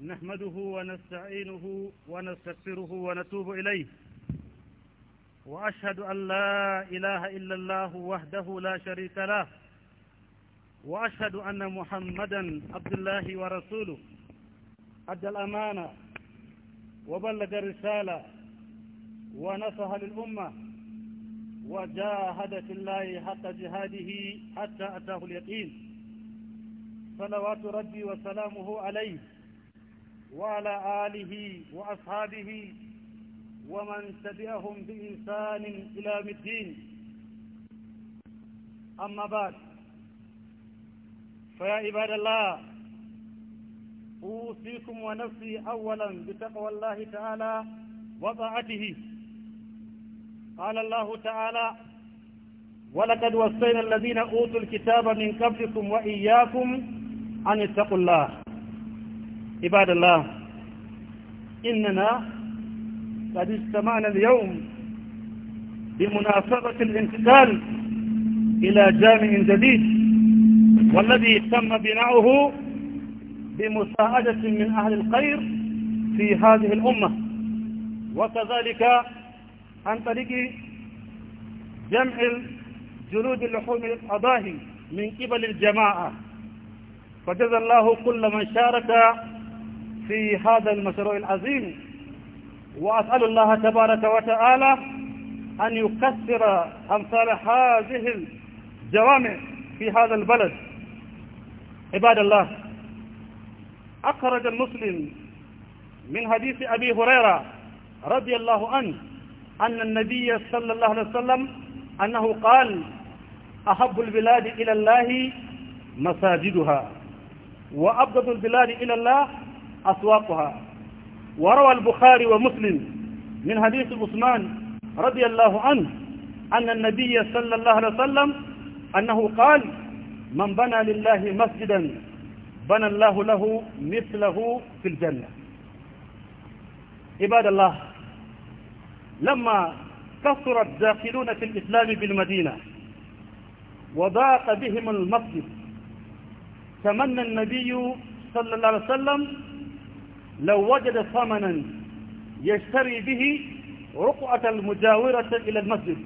نحمده ونستعينه ونستغفره ونتوب إليه وأشهد أن لا إله إلا الله وحده لا شريك له وأشهد أن محمدا عبد الله ورسوله أدى الأمانة وبلغ الرسالة ونصح للأمة وجاهد في الله حتى جهاده حتى أتاه اليقين صلوات ربي وسلامه عليه وعلى آله وأصحابه ومن تبعهم بإنسان إلى الدين أما بعد فيا عباد الله أوصيكم ونفسي أولا بتقوى الله تعالى وطاعته قال الله تعالى ولقد وصينا الذين أوتوا الكتاب من قبلكم وإياكم أن اتقوا الله عباد الله إننا قد اجتمعنا اليوم بمناسبة الانتقال إلى جامع جديد والذي تم بناؤه بمساعدة من أهل الخير في هذه الأمة وكذلك عن طريق جمع جلود اللحوم الأضاهي من قبل الجماعة فجزى الله كل من شارك في هذا المشروع العظيم وأسأل الله تبارك وتعالى أن يكسر أمثال هذه الجوامع في هذا البلد عباد الله أخرج المسلم من حديث أبي هريرة رضي الله عنه أن النبي صلى الله عليه وسلم أنه قال أحب البلاد إلى الله مساجدها وأبغض البلاد إلى الله أسواقها وروى البخاري ومسلم من حديث عثمان رضي الله عنه أن النبي صلى الله عليه وسلم أنه قال من بنى لله مسجدا بنى الله له مثله في الجنة عباد الله لما كثر الداخلون في الإسلام بالمدينة وضاق بهم المسجد تمنى النبي صلى الله عليه وسلم لو وجد ثمنا يشتري به رقعة المجاورة إلى المسجد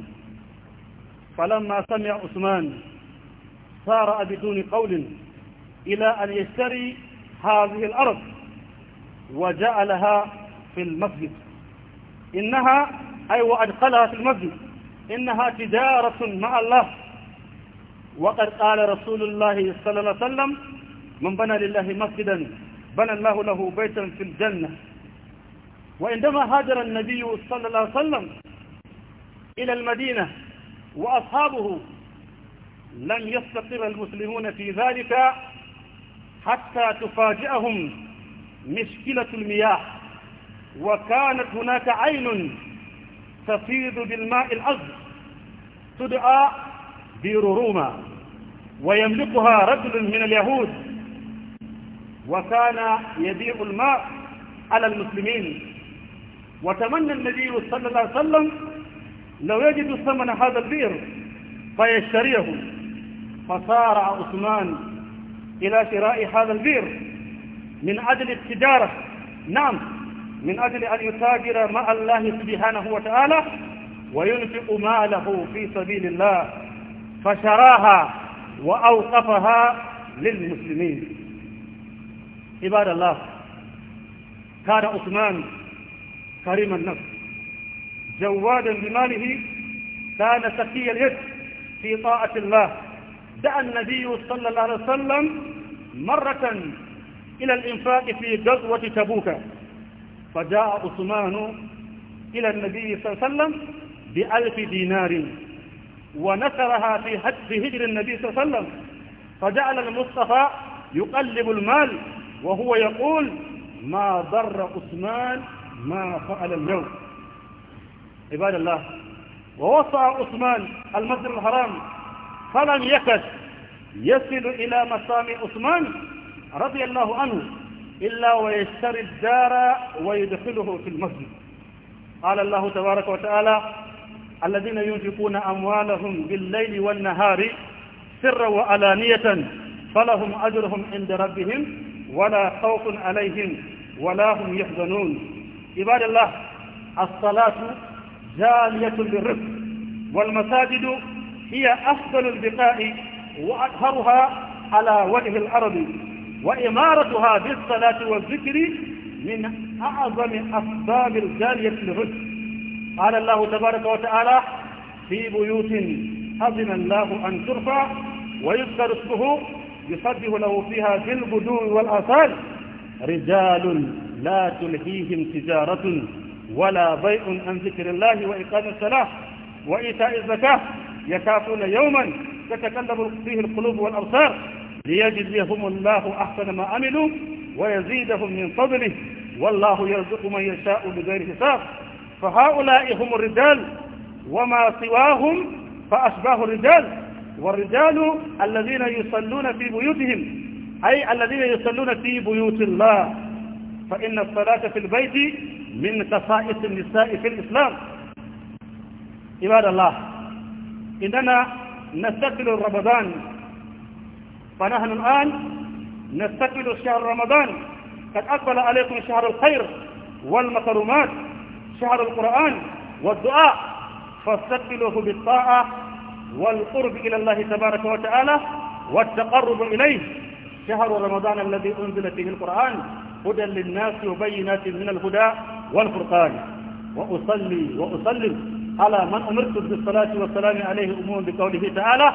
فلما سمع عثمان سار بدون قول إلى أن يشتري هذه الأرض وجعلها في المسجد إنها أي وأدخلها في المسجد إنها تجارة مع الله وقد قال رسول الله صلى الله عليه وسلم من بنى لله مسجدا بنى الله له بيتا في الجنة وعندما هاجر النبي صلى الله عليه وسلم إلى المدينة وأصحابه لم يستقر المسلمون في ذلك حتى تفاجئهم مشكلة المياه وكانت هناك عين تفيض بالماء الأزر تدعى روما ويملكها رجل من اليهود وكان يبيع الماء على المسلمين وتمنى النبي صلى الله عليه وسلم لو يجد ثمن هذا البئر فيشتريه فصارع عثمان إلى شراء هذا البئر من أجل التجارة نعم من أجل أن يتاجر مع الله سبحانه وتعالى وينفق ماله في سبيل الله فشراها وأوقفها للمسلمين عباد الله كان عثمان كريم النفس جوادا بماله كان سقي اليد في طاعة الله دعا النبي صلى الله عليه وسلم مرة إلى الإنفاق في غزوة تبوك فجاء عثمان إلى النبي صلى الله عليه وسلم بألف دينار ونثرها في هجر النبي صلى الله عليه وسلم فجعل المصطفى يقلب المال وهو يقول ما ضر عثمان ما فعل اليوم عباد الله ووصى عثمان المسجد الحرام فلم يكد يصل إلى مسام عثمان رضي الله عنه إلا ويشتري الدار ويدخله في المسجد قال الله تبارك وتعالى الذين ينفقون أموالهم بالليل والنهار سرا وعلانية فلهم أجرهم عند ربهم ولا خوف عليهم ولا هم يحزنون عباد الله الصلاة جالية للرزق والمساجد هي أفضل البقاء وأطهرها على وجه الأرض وإمارتها بالصلاة والذكر من أعظم أسباب الجالية للرزق قال الله تبارك وتعالى في بيوت أذن الله أن ترفع ويذكر اسمه يصدق له فيها في البدو والآصال رجال لا تلهيهم تجارة ولا بيع عن ذكر الله وإقام الصلاة وإيتاء الزكاة يكافون يوما تتكلم فيه القلوب والأبصار ليجزيهم الله أحسن ما عملوا ويزيدهم من فضله والله يرزق من يشاء بغير حساب فهؤلاء هم الرجال وما سواهم فأشباه الرجال والرجال الذين يصلون في بيوتهم أي الذين يصلون في بيوت الله فإن الصلاة في البيت من خصائص النساء في الإسلام عباد الله إننا نستقبل رمضان فنحن الآن نستقبل شهر رمضان قد أقبل عليكم شهر الخير والمكرمات شهر القرآن والدعاء فاستقبلوه بالطاعة والقرب إلى الله تبارك وتعالى والتقرب إليه شهر رمضان الذي أنزل فيه القرآن هدى للناس وبينات من الهدى والفرقان وأصلي وأسلم على من أمرت بالصلاة والسلام عليه أمور بقوله تعالى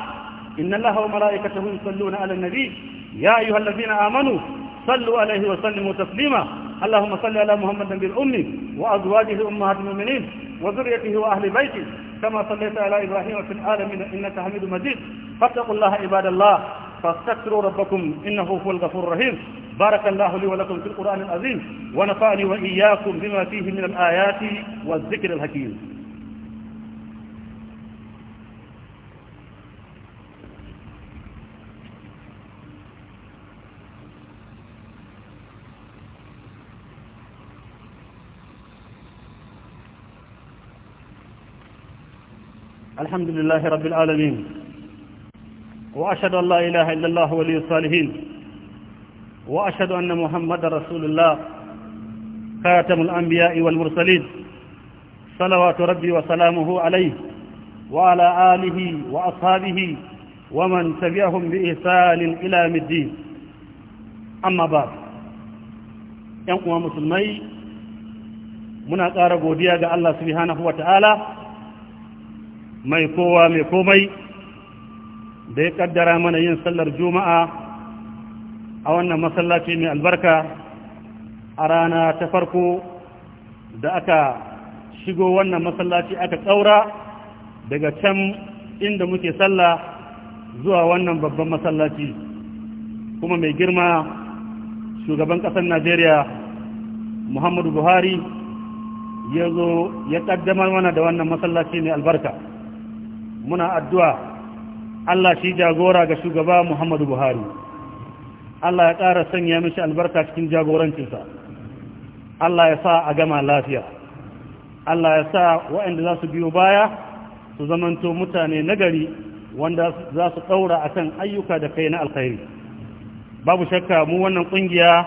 إن الله وملائكته يصلون على النبي يا أيها الذين آمنوا صلوا عليه وسلموا تسليما اللهم صل على محمد النبي الأمي وأزواجه أمهات المؤمنين وذريته وأهل بيته كما صليت على إبراهيم في العالمين إنك حميد مجيد فاتقوا الله عباد الله فاستغفروا ربكم إنه هو الغفور الرحيم بارك الله لي ولكم في القرآن العظيم ونفعني وإياكم بما فيه من الآيات والذكر الحكيم الحمد لله رب العالمين وأشهد أن لا إله إلا الله ولي الصالحين وأشهد أن محمد رسول الله خاتم الأنبياء والمرسلين صلوات ربي وسلامه عليه وعلى آله وأصحابه ومن تبعهم بإحسان إلى مدين الدين أما بعد ‘yan مسلمي منا قارب وديا الله سبحانه وتعالى mai kowa mai komai da ya kaddara mana yin sallar juma'a a wannan masallaci mai albarka a rana ta farko da aka shigo wannan masallaci aka tsaura daga can inda muke sallah zuwa wannan babban masallaci kuma mai girma shugaban ƙasar najeriya muhammadu buhari ya zo ya ƙaddamar mana da wannan masallaci mai albarka muna addu'a Allah shi jagora ga shugaba Muhammadu Buhari Allah ya ƙara sanya mishi albarka cikin jagorancinsa Allah ya sa a gama lafiya Allah ya sa waɗanda za su biyo baya su zamanto mutane nagari wanda za su ɗaura a kan ayyuka da kai na alkhairi babu shakka mu wannan ƙungiya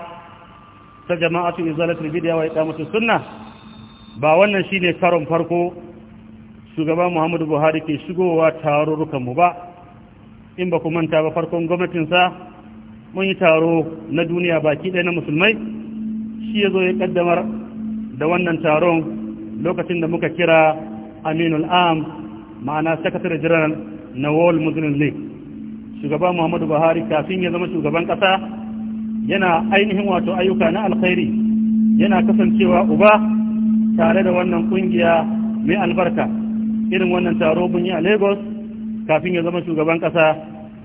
ta jama'atu izalatul bidiya ya iqamatus sunna ba wannan shi ne karon farko shugaba muhammadu buhari ke shigowa mu ba in ba ku manta ba farkon gwamnatinsa mun yi taro na duniya baki ɗaya na musulmai shi ya zo ya ƙaddamar da wannan taron lokacin da muka kira aminul am ma'ana sakatare jiran na world muslim league shugaba muhammadu buhari kafin ya zama shugaban ƙasa yana ainihin wato ayyuka na alkhairi yana kasancewa uba tare da wannan ƙungiya mai albarka irin wannan taro mun yi a lagos kafin ya zama shugaban ƙasa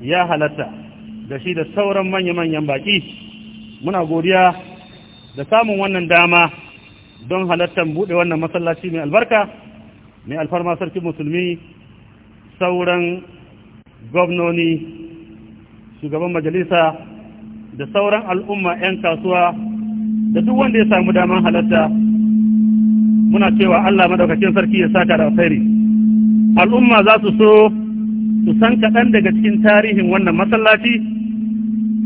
ya halatta da shi da sauran manya-manyan baƙi muna godiya da samun wannan dama don halattar buɗe wannan masallaci mai albarka mai alfarma sarki musulmi sauran gwamnoni shugaban majalisa da sauran al'umma 'yan kasuwa da duk wanda ya samu damar halatta muna cewa Allah madaukakin sarki ya saka da alheri al'umma za su so su san kaɗan daga cikin tarihin wannan masallaci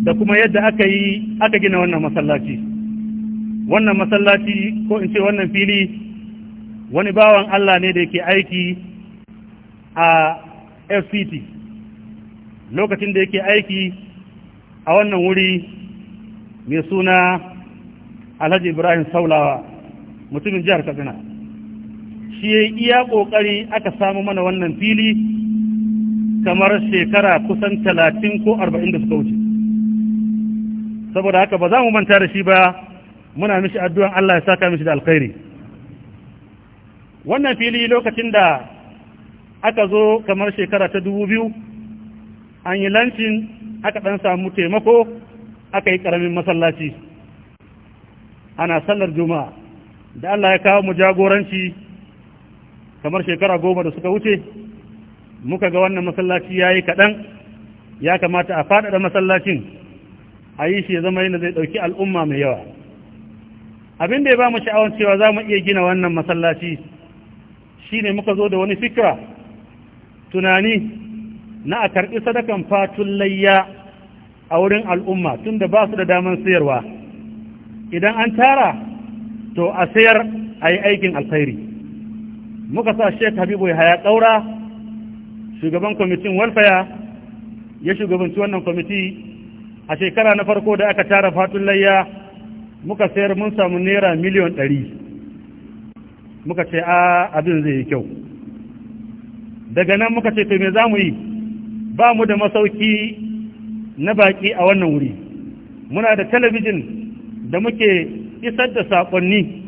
da kuma yadda aka yi aka gina wannan masallaci wannan masallaci ko in ce wannan fili wani bawan Allah ne da yake aiki a FCT lokacin da yake aiki a wannan wuri mai suna Alhaji Ibrahim Saulawa mutumin jihar Katsina shi ya yi iya ƙoƙari aka samu mana wannan fili kamar shekara kusan talatin ko arba'in da suka wuce saboda haka ba za mu manta da shi ba muna mishi addu'an Allah ya saka mishi da alkhairi wannan fili lokacin da aka zo kamar shekara ta dubu biyu an yi lancin aka ɗan samu taimako aka yi ƙaramin masallaci ana sallar juma'a da Allah ya kawo mu jagoranci kamar shekara goma da suka wuce muka ga wannan masallaci ya yi kaɗan ya kamata a faɗaɗa masallacin a yi shi ya zama yana zai ɗauki al'umma mai yawa abin da ya ba mu sha'awar cewa za mu iya gina wannan masallaci shi ne muka zo da wani fikira tunani na a karɓi sadakan fatun layya a wurin al'umma tun da ba su da daman sayarwa idan an tara to a sayar a yi aikin alkhairi muka sa shek habibu ya haya ƙaura shugaban kwamitin walfaya ya shugabanci wannan kwamiti a shekara na farko da aka tara fatun layya muka sayar mun samu naira miliyan ɗari muka ce a abin zai yi kyau daga nan muka ce to me za mu yi ba mu da masauki na baƙi a wannan wuri muna da talabijin da muke isar da saƙonni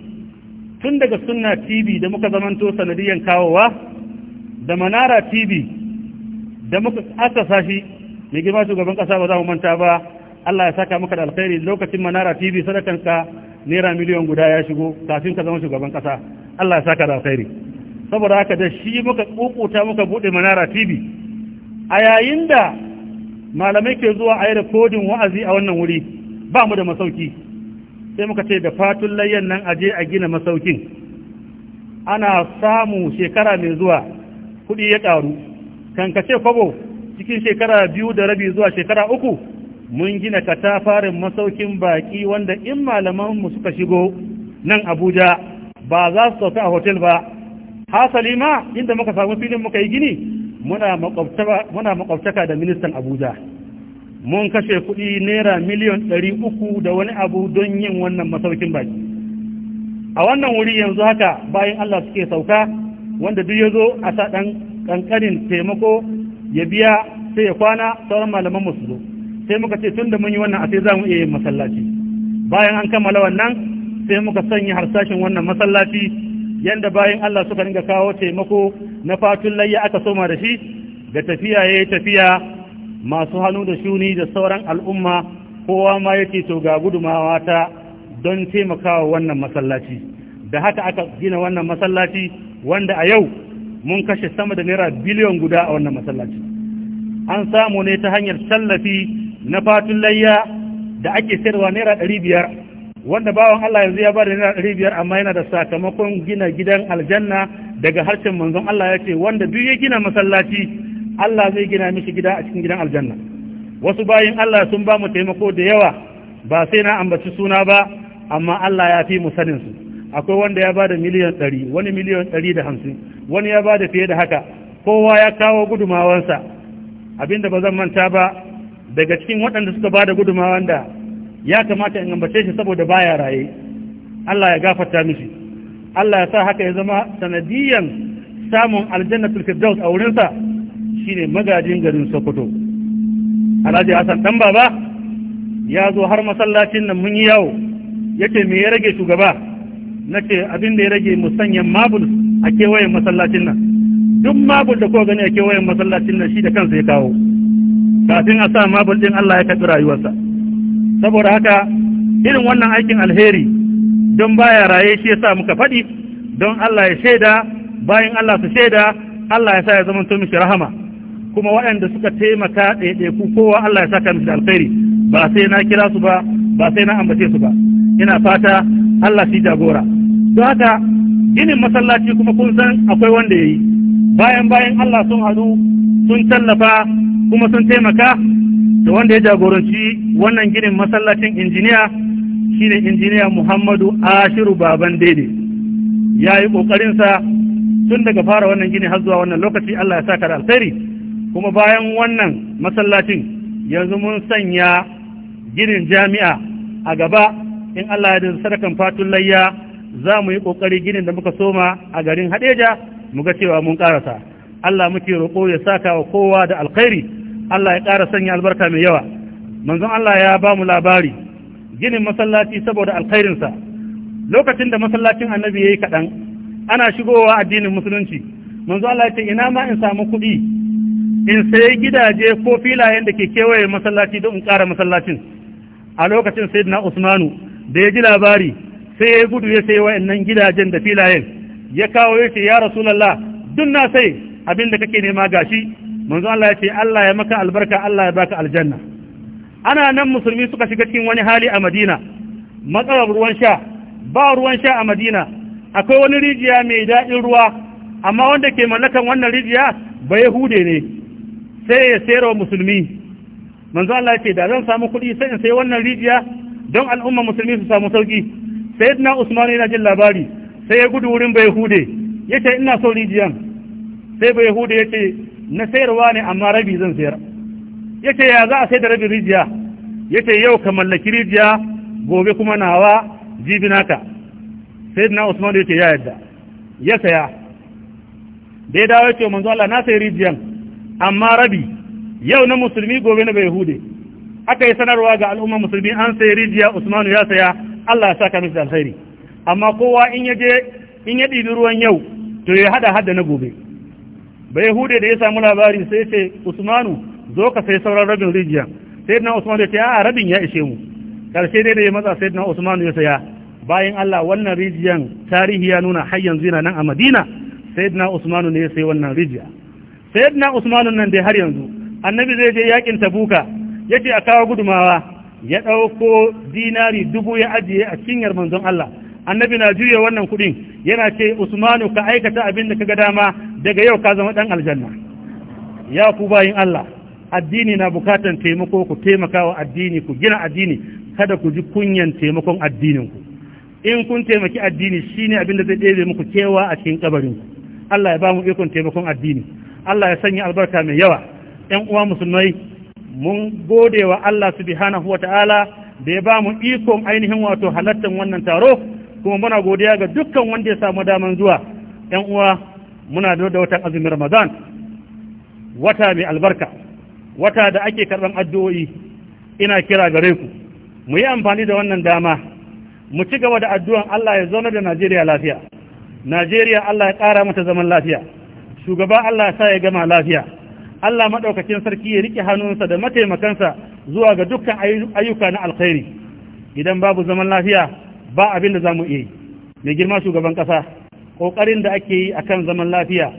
tun daga sunna tv da muka zamanto sanadiyan kawowa da manara tv da muka aka sashi mai girma shugaban ƙasa ba za mu manta ba allah ya saka maka da alkhairi lokacin manara tv ka naira miliyan guda ya shigo kafin ka zama shugaban ƙasa, allah ya saka da alkhairi saboda haka da shi muka kokota muka bude manara tv a yayin da malamai ke zuwa a yi wa'azi a wannan wuri ba mu da masauki sai muka ce da fatun layyan nan aje a gina masaukin ana samu shekara mai zuwa kuɗi ya ƙaru kace kwabo cikin shekara biyu da rabi zuwa shekara uku mun gina katafarin masaukin baƙi wanda in malamanmu suka shigo nan abuja ba za su sauka a hotel ba hasali ma inda muka samu filin muka yi gini muna makwabtaka da ministan abuja mun kashe kuɗi naira miliyan ɗari uku da wani abu don yin wannan masaukin baki a wannan wuri yanzu haka bayan Allah suke sauka wanda duk ya zo a sa ɗan ƙanƙanin taimako ya biya sai ya kwana sauran malaman mu su zo sai muka ce tun da mun yi wannan a sai za mu iya masallaci bayan an kammala wannan sai muka sanya harsashin wannan masallaci yanda bayan Allah suka dinga kawo taimako na fatun layya aka soma da shi da tafiya ya yi tafiya masu hannu da shuni da sauran al'umma kowa ma yake to ga gudumawa ta don taimakawa wannan masallaci da haka aka gina wannan masallaci wanda a yau mun kashe sama da naira biliyon guda a wannan masallaci an samu ne ta hanyar tallafi na fatun layya da ake sayarwa naira ɗari biyar wanda bawan Allah yanzu ya ba da naira ɗari biyar amma yana da sakamakon gina gidan aljanna daga harshen manzon Allah ya ce wanda duk ya gina masallaci Allah zai gina miki gida a cikin gidan aljanna wasu bayin Allah sun ba mu taimako da yawa ba sai na ambaci suna ba amma Allah ya fi mu sanin su akwai wanda ya ba da miliyan ɗari wani miliyan ɗari da hamsin wani ya ba da fiye da haka kowa ya kawo gudumawansa abinda ba zan manta ba daga cikin waɗanda suka ba da gudumawan da ya kamata in ambace shi saboda baya raye Allah ya gafarta mishi Allah ya sa haka ya zama sanadiyan samun aljannatul firdaus a wurinsa shine magajin garin sokoto alhaji hassan dan baba ya zo har masallacin nan mun yi yawo yace me ya rage shugaba na ce abin da ya rage musanyen mabul a kewayen masallacin nan duk mabul da kowa gani a kewayen masallacin nan shi da kansa ya kawo kafin a sa mabul din Allah ya kaɗi rayuwarsa saboda haka irin wannan aikin alheri don baya raye shi yasa muka faɗi don Allah ya shaida bayan Allah su shaida Allah ya sa ya zama to mishi rahama kuma waɗanda suka taimaka ɗaiɗaiku kowa Allah ya saka musu alkhairi ba sai na kira su ba ba sai na ambace su ba ina fata Allah shi jagora don haka ginin masallaci kuma kun san akwai wanda ya bayan bayan Allah sun haɗu sun tallafa kuma sun taimaka da wanda ya jagoranci wannan ginin masallacin injiniya shine injiniya Muhammadu Ashiru Baban Dede ya yi sa tun daga fara wannan gini har zuwa wannan lokaci Allah ya saka da alkhairi kuma bayan wannan masallacin yanzu mun sanya ginin jami'a a gaba in Allah ya da sadakan fatun layya za mu yi ƙoƙari ginin da muka soma a garin hadeja mu ga cewa mun ƙarasa Allah muke roƙo ya saka wa kowa da alkhairi Allah ya ƙara sanya albarka mai yawa manzon Allah ya ba mu labari ginin masallaci saboda alkhairinsa lokacin da masallacin annabi ya yi kaɗan ana shigowa addinin musulunci manzon Allah ya ce ina ma in samu kuɗi in sai gidaje ko filayen da ke kewaye masallaci don in ƙara masallacin a lokacin sai na usmanu da ya ji labari sai ya gudu ya sai wa'annan gidajen da filayen ya kawo ya ce ya rasulallah duk na sai abin da kake nema gashi manzo Allah ya ce Allah ya maka albarka Allah ya baka aljanna ana nan musulmi suka shiga cikin wani hali a Madina matsalar ruwan sha ba ruwan sha a Madina akwai wani rijiya mai daɗin ruwa amma wanda ke mallakan wannan rijiya ba Yahude ne sai ya sayar wa musulmi manzo Allah ce da zan samu kuɗi sai in sai wannan rijiya don al'umma musulmi su samu sauki sayyidina Usman yana jin labari sai ya gudu wurin bai hude yace ina so rijiyan sai bai hude yace na sayarwa ne amma rabi zan sayar yace ya za a sai da rabin rijiya yace yau ka mallaki rijiya gobe kuma nawa jibinaka sayyidina Usman yace ya yadda ya saya dai dawo yace manzo Allah na sayi rijiyan amma rabi yau na musulmi gobe na bayahude aka yi sanarwa ga al'ummar musulmi an sai rijiya usmanu ya saya Allah ya ka mishi alkhairi amma kowa in ya je in ya ɗibi ruwan yau to ya hada hada na gobe bayahude da ya samu labari sai ce usmanu zo ka sai sauran rabin rijiya sai na usmanu ya ce a rabin ya ishe mu karshe dai da ya matsa sai na usmanu ya saya bayan Allah wannan rijiyan tarihi ya nuna har yanzu yana nan a Madina na Usmanu ne ya sai wannan rijiya sayyidina usmanun nan dai har yanzu annabi zai je yakin tabuka yace a kawo gudumawa ya dauko dinari dubu ya ajiye a cinyar manzon Allah annabi na juya wannan kuɗin yana ce usmanu ka aikata abin da ga dama daga yau ka zama dan aljanna ya ku bayin Allah addini na bukatan taimako ku taimakawa addini ku gina addini kada ku ji kunyan taimakon addinin ku in kun taimaki addini shine abin da zai ɗebe muku kewa a cikin kabarin Allah ya ba mu ikon taimakon addini Allah ya sanya albarka mai yawa 'yan uwa musulmai mun gode wa Allah hana huwa ta'ala da ya ba mu ikon ainihin wato halattar wannan taro kuma muna godiya ga dukkan wanda ya samu daman zuwa 'yan uwa muna da watan azumin Ramadan wata mai albarka wata da ake karɓan addu'o'i ina kira gare ku mu yi amfani da wannan dama mu ci gaba da addu'an Allah ya zauna da Najeriya lafiya Najeriya Allah ya ƙara mata zaman lafiya shugaba Allah ya sa ya gama lafiya Allah madaukakin sarki ya rike hannunsa da mataimakansa zuwa ga dukkan ayyuka na alkhairi idan babu zaman lafiya ba abin da za mu iya yi mai girma shugaban ƙasa ƙoƙarin da ake yi akan zaman lafiya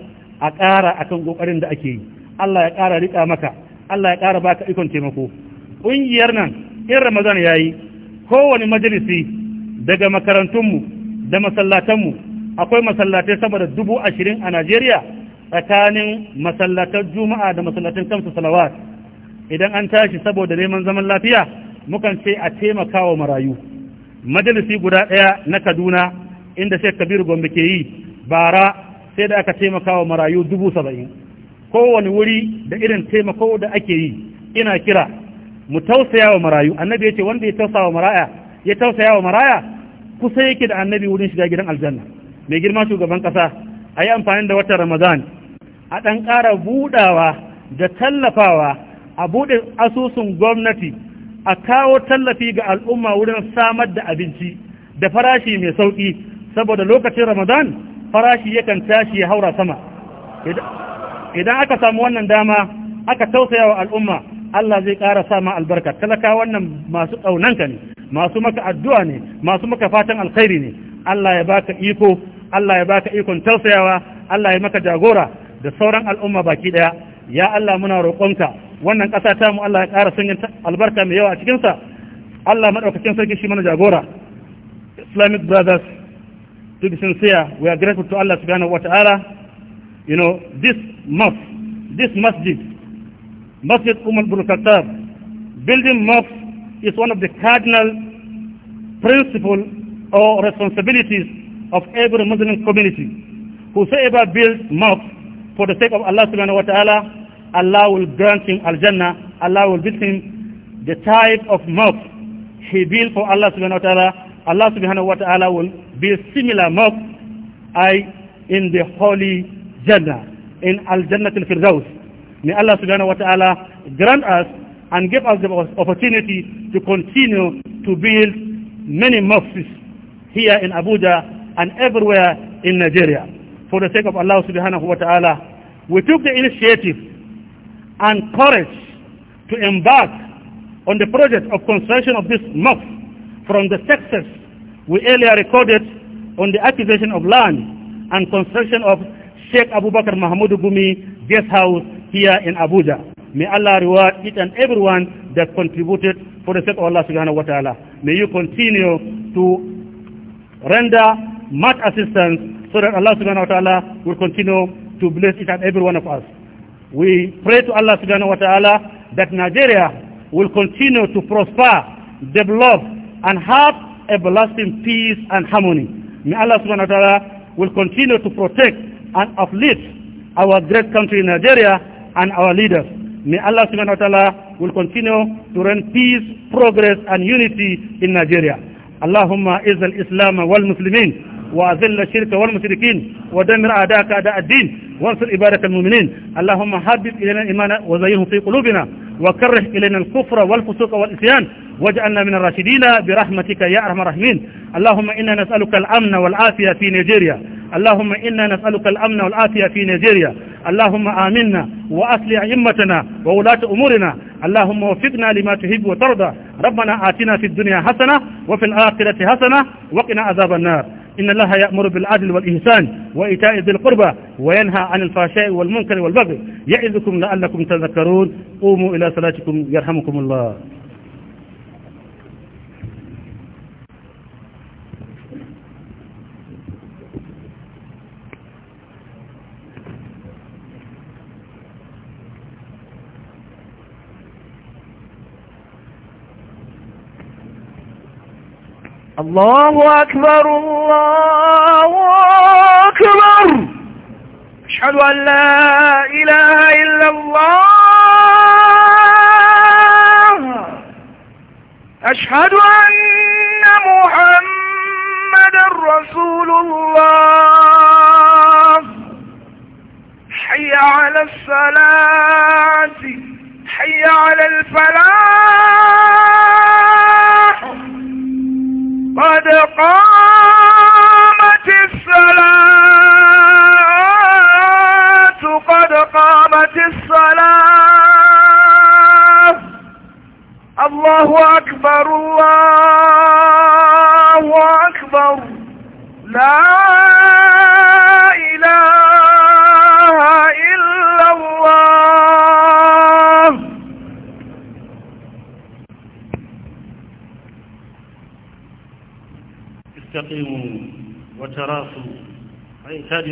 a ƙara akan ƙoƙarin da ake yi Allah ya ƙara rika maka Allah ya ƙara baka ikon taimako ƙungiyar nan in Ramadan ya yi kowane majalisi daga makarantunmu da masallatanmu akwai masallatai sama da dubu ashirin a Najeriya tsakanin masallatar juma'a da masallatan kamsu salawat idan an tashi saboda neman zaman lafiya mukan ce a taimakawa marayu majalisi guda ɗaya na kaduna inda shek kabiru gombe ke yi bara sai da aka taimakawa marayu dubu saba'in kowane wuri da irin taimako da ake yi ina kira mu tausaya wa marayu annabi ya ce wanda ya tausaya wa maraya ya tausaya wa maraya kusa yake da annabi wurin shiga gidan aljanna mai girma shugaban ƙasa? a yi amfani da watan ramadan a ɗan ƙara buɗawa da tallafawa a buɗe asusun gwamnati a kawo tallafi ga al'umma wurin samar da abinci da farashi mai sauƙi saboda lokacin ramadan farashi yakan tashi ya haura sama idan aka samu wannan dama aka tausaya wa al'umma Allah zai ƙara sama albarka talaka wannan masu ƙaunanka ne masu maka addu'a ne masu maka fatan alkhairi ne Allah ya baka iko Allah ya baka ikon tausayawa Allah ya maka jagora da sauran al'umma baki daya ya Allah muna roƙonka wannan ƙasa ta mu Allah ya ƙara sun albarka mai yawa a cikinsa Allah maɗaukakin sarki shi mana jagora Islamic brothers to be sincere we are grateful to Allah subhanahu wa ta'ala you know this mosque this masjid Masjid Umar bin building mosque is one of the cardinal principle or responsibilities of every Muslim community whosoever builds mosque for the sake of Allah subhanahu wa ta'ala, Allah will grant him al-Jannah, Allah will build him the type of mosque he built for Allah subhanahu wa ta'ala, Allah subhanahu wa ta'ala will build similar mosque I in the holy Jannah, in al-Jannah al-Firdaus. May Allah subhanahu wa ta'ala grant us and give us the opportunity to continue to build many mosques here in Abuja and everywhere in Nigeria. for the sake of Allah subhanahu wa ta'ala, we took the initiative and courage to embark on the project of construction of this mosque from the success we earlier recorded on the acquisition of land and construction of Sheikh Abu Bakr Mahmoud Gumi guest house here in Abuja. May Allah reward each and everyone that contributed for the sake of Allah subhanahu wa ta'ala. May you continue to render much assistance so that Allah subhanahu wa ta'ala will continue to bless each and every one of us. We pray to Allah subhanahu wa ta'ala that Nigeria will continue to prosper, develop, and have everlasting peace and harmony. May Allah subhanahu wa ta'ala will continue to protect and uplift our great country Nigeria and our leaders. May Allah subhanahu wa ta'ala will continue to reign peace, progress and unity in Nigeria. Islam اعز الإسلام Muslimin. وأذل الشرك والمشركين ودمر أعداءك أعداء الدين وانصر عبادك المؤمنين اللهم حبب إلينا الإيمان وزينه في قلوبنا وكره إلينا الكفر والفسوق والإسيان واجعلنا من الراشدين برحمتك يا أرحم الراحمين اللهم إنا نسألك الأمن والعافية في نيجيريا اللهم إنا نسألك الأمن والعافية في نيجيريا اللهم آمنا وأصلح أئمتنا وولاة أمورنا اللهم وفقنا لما تحب وترضى ربنا آتنا في الدنيا حسنة وفي الآخرة حسنة وقنا عذاب النار إن الله يأمر بالعدل والإحسان وإيتاء ذي القربى وينهى عن الفحشاء والمنكر والبغي يعظكم لعلكم تذكرون قوموا إلى صلاتكم يرحمكم الله الله أكبر الله أكبر أشهد أن لا إله إلا الله أشهد أن محمد رسول الله حي على الصلاة حي على الفلاح قد قامت الصلاة قد قامت الصلاة الله أكبر الله أكبر لا استقيموا وتراصوا